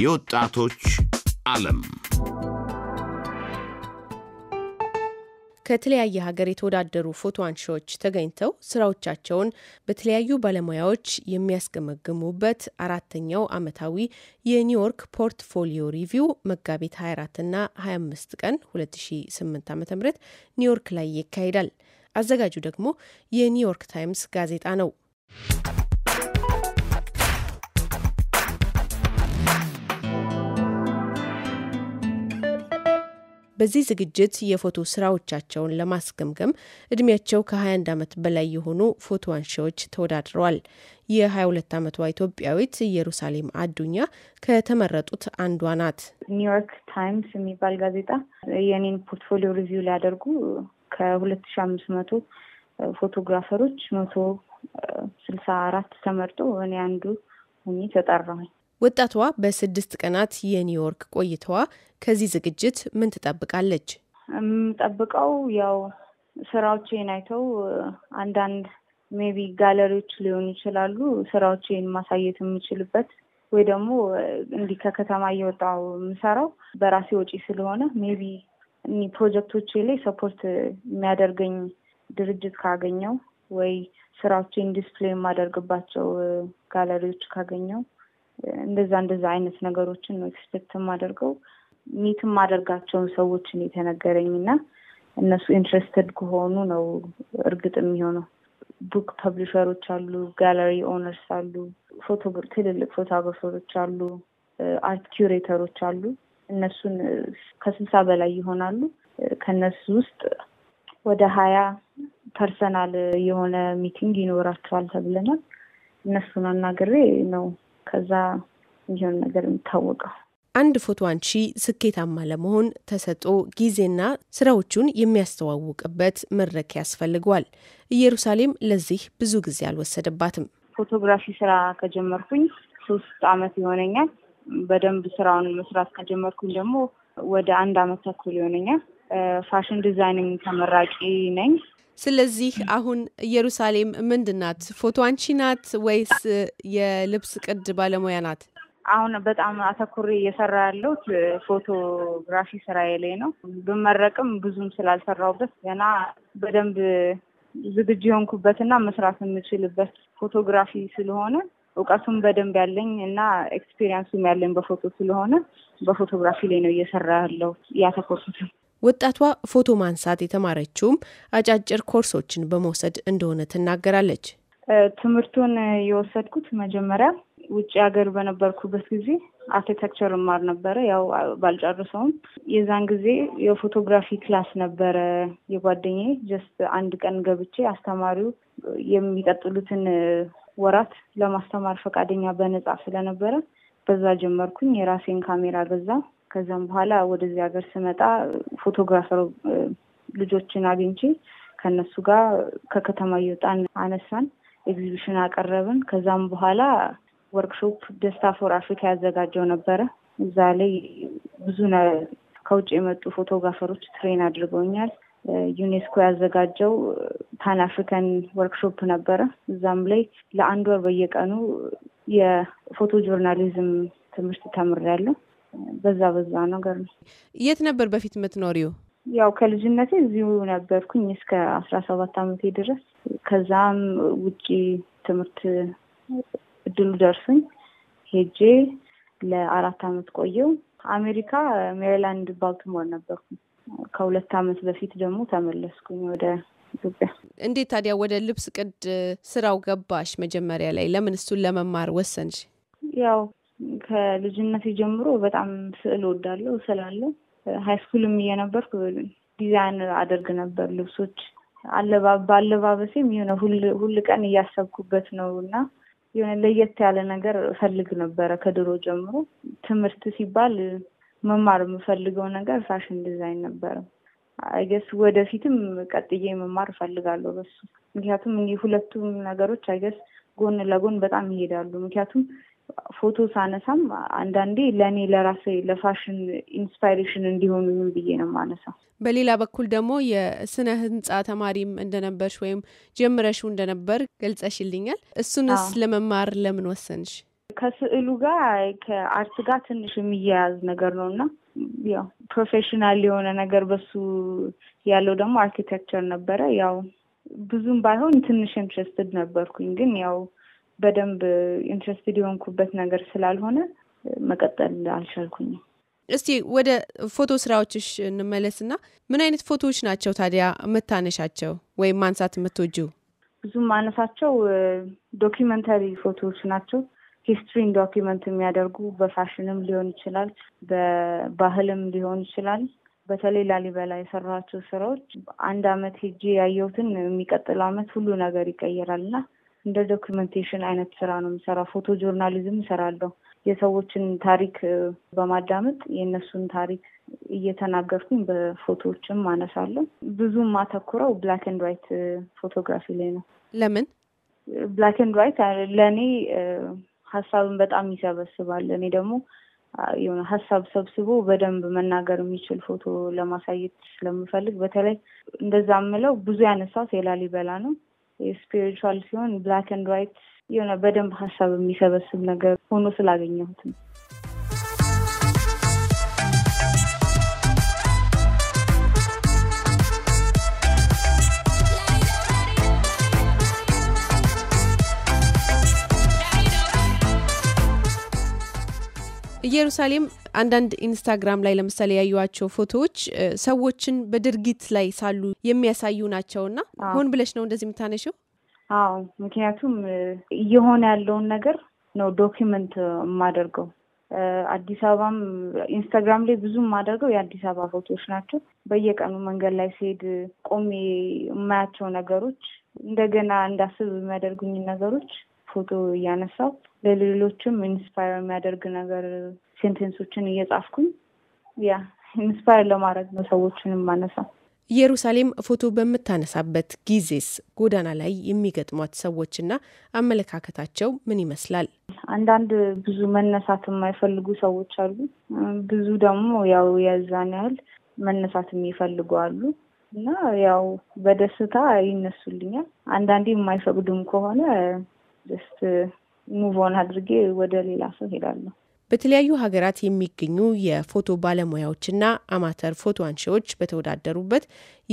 የወጣቶች ዓለም ከተለያየ ሀገር የተወዳደሩ ፎቶ አንሺዎች ተገኝተው ስራዎቻቸውን በተለያዩ ባለሙያዎች የሚያስገመግሙበት አራተኛው ዓመታዊ የኒውዮርክ ፖርትፎሊዮ ሪቪው መጋቢት 24ና 25 ቀን 2008 ዓ ም ኒውዮርክ ላይ ይካሄዳል። አዘጋጁ ደግሞ የኒውዮርክ ታይምስ ጋዜጣ ነው። በዚህ ዝግጅት የፎቶ ስራዎቻቸውን ለማስገምገም እድሜያቸው ከ21 ዓመት በላይ የሆኑ ፎቶ አንሺዎች ተወዳድረዋል። የ22 ዓመቷ ኢትዮጵያዊት ኢየሩሳሌም አዱኛ ከተመረጡት አንዷ ናት። ኒውዮርክ ታይምስ የሚባል ጋዜጣ የኔን ፖርትፎሊዮ ሪቪው ሊያደርጉ ከ2500 ፎቶግራፈሮች መቶ ስልሳ አራት ተመርጦ እኔ አንዱ ሁኚ ተጠራሁኝ። ወጣቷ በስድስት ቀናት የኒውዮርክ ቆይተዋ ከዚህ ዝግጅት ምን ትጠብቃለች? የምጠብቀው ያው ስራዎቼን አይተው አንዳንድ ሜቢ ጋለሪዎች ሊሆኑ ይችላሉ ስራዎቼን ማሳየት የምችልበት ወይ ደግሞ እንዲህ ከከተማ እየወጣው የምሰራው በራሴ ወጪ ስለሆነ ሜቢ ፕሮጀክቶቼ ላይ ሰፖርት የሚያደርገኝ ድርጅት ካገኘው ወይ ስራዎቼን ዲስፕሌይ የማደርግባቸው ጋለሪዎች ካገኘው እንደዛ እንደዛ አይነት ነገሮችን ነው ኤክስፔክት የማደርገው። ሚት የማደርጋቸውን ሰዎችን የተነገረኝ እና እነሱ ኢንትረስትድ ከሆኑ ነው እርግጥ የሚሆነው። ቡክ ፐብሊሸሮች አሉ፣ ጋለሪ ኦነርስ አሉ፣ ትልልቅ ፎቶግራፈሮች አሉ፣ አርት ኪሬተሮች አሉ። እነሱን ከስልሳ በላይ ይሆናሉ። ከእነሱ ውስጥ ወደ ሀያ ፐርሰናል የሆነ ሚቲንግ ይኖራቸዋል ተብለናል። እነሱን አናግሬ ነው ከዛ የሚሆን ነገር የሚታወቀው። አንድ ፎቶ አንቺ ስኬታማ ለመሆን ተሰጦ ጊዜና ስራዎቹን የሚያስተዋውቅበት መድረክ ያስፈልገዋል። ኢየሩሳሌም ለዚህ ብዙ ጊዜ አልወሰደባትም። ፎቶግራፊ ስራ ከጀመርኩኝ ሶስት አመት ይሆነኛል። በደንብ ስራውን መስራት ከጀመርኩኝ ደግሞ ወደ አንድ አመት ተኩል ይሆነኛል። ፋሽን ዲዛይኒንግ ተመራቂ ነኝ። ስለዚህ አሁን ኢየሩሳሌም ምንድን ናት? ፎቶ አንቺ ናት ወይስ የልብስ ቅድ ባለሙያ ናት? አሁን በጣም አተኩሬ እየሰራ ያለሁት ፎቶግራፊ ስራዬ ላይ ነው። ብመረቅም ብዙም ስላልሰራሁበት ገና በደንብ ዝግጁ የሆንኩበትና መስራት የምችልበት ፎቶግራፊ ስለሆነ እውቀቱም በደንብ ያለኝ እና ኤክስፔሪንሱም ያለኝ በፎቶ ስለሆነ በፎቶግራፊ ላይ ነው እየሰራ ያለው ያተኮርኩትም ወጣቷ ፎቶ ማንሳት የተማረችውም አጫጭር ኮርሶችን በመውሰድ እንደሆነ ትናገራለች። ትምህርቱን የወሰድኩት መጀመሪያ ውጭ ሀገር በነበርኩበት ጊዜ አርኪቴክቸር እማር ነበረ። ያው ባልጨርሰውም የዛን ጊዜ የፎቶግራፊ ክላስ ነበረ የጓደኛዬ። ጀስት አንድ ቀን ገብቼ አስተማሪው የሚቀጥሉትን ወራት ለማስተማር ፈቃደኛ በነጻ ስለነበረ በዛ ጀመርኩኝ። የራሴን ካሜራ ገዛ። ከዚያም በኋላ ወደዚህ ሀገር ስመጣ ፎቶግራፈር ልጆችን አግኝቼ ከእነሱ ጋር ከከተማ እየወጣን አነሳን፣ ኤግዚቢሽን አቀረብን። ከዛም በኋላ ወርክሾፕ ደስታ ፎር አፍሪካ ያዘጋጀው ነበረ። እዛ ላይ ብዙ ከውጭ የመጡ ፎቶግራፈሮች ትሬን አድርገውኛል። ዩኔስኮ ያዘጋጀው ፓን አፍሪካን ወርክሾፕ ነበረ። እዛም ላይ ለአንድ ወር በየቀኑ የፎቶ ጆርናሊዝም ትምህርት ተምሬያለሁ። በዛ በዛ ነገር ነው። የት ነበር በፊት የምትኖሪው? ያው ከልጅነቴ እዚሁ ነበርኩኝ እስከ አስራ ሰባት አመቴ ድረስ። ከዛም ውጪ ትምህርት እድሉ ደርሶኝ ሄጄ ለአራት አመት ቆየው። አሜሪካ ሜሪላንድ ባልቲሞር ነበርኩ። ከሁለት አመት በፊት ደግሞ ተመለስኩኝ ወደ ኢትዮጵያ። እንዴት ታዲያ ወደ ልብስ ቅድ ስራው ገባሽ? መጀመሪያ ላይ ለምን እሱን ለመማር ወሰንሽ? ያው ከልጅነት ጀምሮ በጣም ስዕል ወዳለሁ ስላለሁ ሀይ ስኩልም እየነበርኩ ዲዛይን አደርግ ነበር ልብሶች። በአለባበሴም የሆነ ሁል ቀን እያሰብኩበት ነው እና የሆነ ለየት ያለ ነገር እፈልግ ነበረ ከድሮ ጀምሮ። ትምህርት ሲባል መማር የምፈልገው ነገር ፋሽን ዲዛይን ነበረ። አይገስ ወደፊትም ቀጥዬ መማር እፈልጋለሁ በሱ ምክንያቱም ሁለቱም ነገሮች አይገስ ጎን ለጎን በጣም ይሄዳሉ ምክንያቱም ፎቶ ሳነሳም አንዳንዴ ለእኔ ለራሴ ለፋሽን ኢንስፓይሬሽን እንዲሆኑኝም ብዬ ነው ማነሳው። በሌላ በኩል ደግሞ የስነ ህንጻ ተማሪም እንደነበርሽ ወይም ጀምረሽው እንደነበር ገልጸሽልኛል። እሱንስ ለመማር ለምን ወሰንሽ? ከስዕሉ ጋር ከአርት ጋር ትንሽ የሚያያዝ ነገር ነው እና ያው ፕሮፌሽናል የሆነ ነገር በሱ ያለው ደግሞ አርኪቴክቸር ነበረ። ያው ብዙም ባይሆን ትንሽ ኢንትረስትድ ነበርኩኝ ግን ያው በደንብ ኢንትረስትድ የሆንኩበት ነገር ስላልሆነ መቀጠል አልቻልኩኝም። እስቲ ወደ ፎቶ ስራዎችሽ እንመለስና ምን አይነት ፎቶዎች ናቸው ታዲያ የምታነሻቸው ወይም ማንሳት የምትወጁ? ብዙም ማነሳቸው ዶኪመንታሪ ፎቶዎች ናቸው። ሂስትሪን ዶኪመንት የሚያደርጉ በፋሽንም ሊሆን ይችላል፣ በባህልም ሊሆን ይችላል። በተለይ ላሊበላ የሰራቸው ስራዎች አንድ አመት ሄጄ ያየሁትን የሚቀጥለው አመት ሁሉ ነገር ይቀየራል እና እንደ ዶኪመንቴሽን አይነት ስራ ነው የምሰራው። ፎቶ ጆርናሊዝም እሰራለሁ። የሰዎችን ታሪክ በማዳመጥ የእነሱን ታሪክ እየተናገርኩኝ በፎቶዎችም አነሳለሁ። ብዙም አተኩረው ብላክ ኤንድ ዋይት ፎቶግራፊ ላይ ነው። ለምን ብላክ ኤንድ ዋይት? ለእኔ ሀሳብን በጣም ይሰበስባል። እኔ ደግሞ የሆነ ሀሳብ ሰብስቦ በደንብ መናገር የሚችል ፎቶ ለማሳየት ስለምፈልግ በተለይ እንደዛ የምለው ብዙ ያነሳት የላሊበላ ነው ስፒሪቹዋል ሲሆን ብላክ ኤንድ ዋይት የሆነ በደንብ ሀሳብ የሚሰበስብ ነገር ሆኖ ስላገኘሁት ነው። ኢየሩሳሌም አንዳንድ ኢንስታግራም ላይ ለምሳሌ ያዩቸው ፎቶዎች ሰዎችን በድርጊት ላይ ሳሉ የሚያሳዩ ናቸው እና ሆን ብለሽ ነው እንደዚህ ምታነሽው አዎ፣ ምክንያቱም እየሆነ ያለውን ነገር ነው ዶኪመንት የማደርገው። አዲስ አበባም ኢንስታግራም ላይ ብዙ የማደርገው የአዲስ አበባ ፎቶዎች ናቸው። በየቀኑ መንገድ ላይ ሲሄድ ቆሜ የማያቸው ነገሮች፣ እንደገና እንዳስብ የሚያደርጉኝ ነገሮች ፎቶ እያነሳው ለሌሎችም ኢንስፓየር የሚያደርግ ነገር ሴንቴንሶችን እየጻፍኩኝ ያ ኢንስፓየር ለማድረግ ነው ሰዎችን የማነሳው። ኢየሩሳሌም ፎቶ በምታነሳበት ጊዜስ ጎዳና ላይ የሚገጥሟት ሰዎችና አመለካከታቸው ምን ይመስላል? አንዳንድ ብዙ መነሳት የማይፈልጉ ሰዎች አሉ። ብዙ ደግሞ ያው የዛን ያህል መነሳት የሚፈልጉ አሉ እና ያው በደስታ ይነሱልኛል። አንዳንዴ የማይፈቅዱም ከሆነ ደስ ሙቮን አድርጌ ወደ ሌላ ሰው ሄዳለሁ። በተለያዩ ሀገራት የሚገኙ የፎቶ ባለሙያዎችና አማተር ፎቶ አንሺዎች በተወዳደሩበት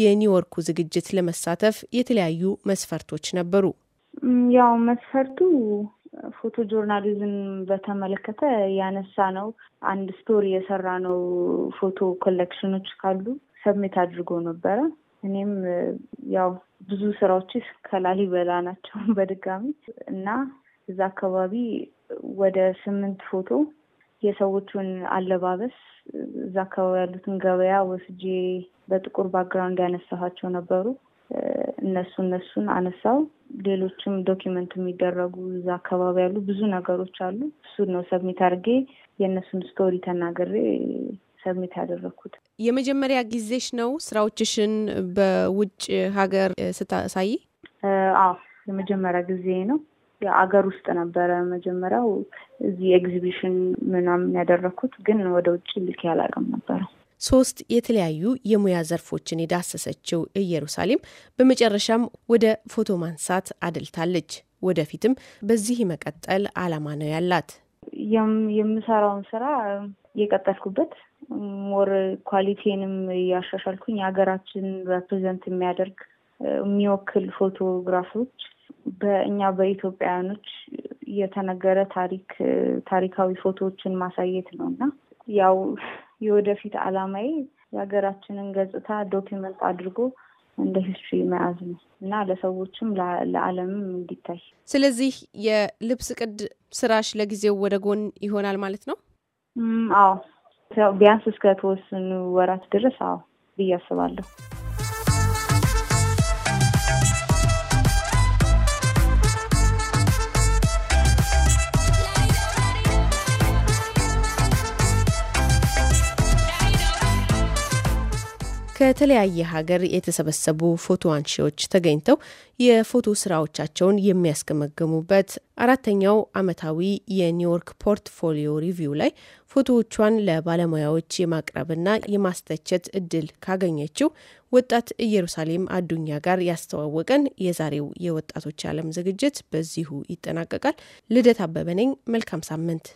የኒውዮርኩ ዝግጅት ለመሳተፍ የተለያዩ መስፈርቶች ነበሩ። ያው መስፈርቱ ፎቶ ጆርናሊዝም በተመለከተ ያነሳ ነው። አንድ ስቶሪ የሰራ ነው። ፎቶ ኮሌክሽኖች ካሉ ሰብሜት አድርጎ ነበረ። እኔም ያው ብዙ ስራዎች ከላሊበላ ናቸው በድጋሚ እና እዛ አካባቢ ወደ ስምንት ፎቶ የሰዎቹን አለባበስ እዛ አካባቢ ያሉትን ገበያ ወስጄ በጥቁር ባክግራውንድ ያነሳኋቸው ነበሩ። እነሱ እነሱን አነሳው። ሌሎችም ዶኪመንት የሚደረጉ እዛ አካባቢ ያሉ ብዙ ነገሮች አሉ። እሱን ነው ሰብሚት አድርጌ የእነሱን ስቶሪ ተናግሬ ሰብሚት ያደረግኩት። የመጀመሪያ ጊዜሽ ነው ስራዎችሽን በውጭ ሀገር ስታሳይ? አዎ የመጀመሪያ ጊዜ ነው። አገር ውስጥ ነበረ መጀመሪያው እዚህ ኤግዚቢሽን ምናምን ያደረግኩት፣ ግን ወደ ውጭ ልክ ያላቅም ነበረ። ሶስት የተለያዩ የሙያ ዘርፎችን የዳሰሰችው ኢየሩሳሌም በመጨረሻም ወደ ፎቶ ማንሳት አድልታለች። ወደፊትም በዚህ መቀጠል አላማ ነው ያላት። የምሰራውን ስራ የቀጠልኩበት ሞር ኳሊቲንም እያሻሻልኩኝ ሀገራችን ሬፕሬዘንት የሚያደርግ የሚወክል ፎቶግራፎች በእኛ በኢትዮጵያውያኖች የተነገረ ታሪክ ታሪካዊ ፎቶዎችን ማሳየት ነው እና ያው የወደፊት አላማዬ የሀገራችንን ገጽታ ዶኪመንት አድርጎ እንደ ሂስትሪ መያዝ ነው እና ለሰዎችም ለዓለምም እንዲታይ። ስለዚህ የልብስ ቅድ ስራሽ ለጊዜው ወደ ጎን ይሆናል ማለት ነው? አዎ ቢያንስ እስከ ተወሰኑ ወራት ድረስ አዎ ብዬ አስባለሁ። ከተለያየ ሀገር የተሰበሰቡ ፎቶ አንሺዎች ተገኝተው የፎቶ ስራዎቻቸውን የሚያስገመግሙበት አራተኛው ዓመታዊ የኒውዮርክ ፖርትፎሊዮ ሪቪው ላይ ፎቶዎቿን ለባለሙያዎች የማቅረብና የማስተቸት እድል ካገኘችው ወጣት ኢየሩሳሌም አዱኛ ጋር ያስተዋወቀን የዛሬው የወጣቶች ዓለም ዝግጅት በዚሁ ይጠናቀቃል። ልደት አበበ ነኝ። መልካም ሳምንት።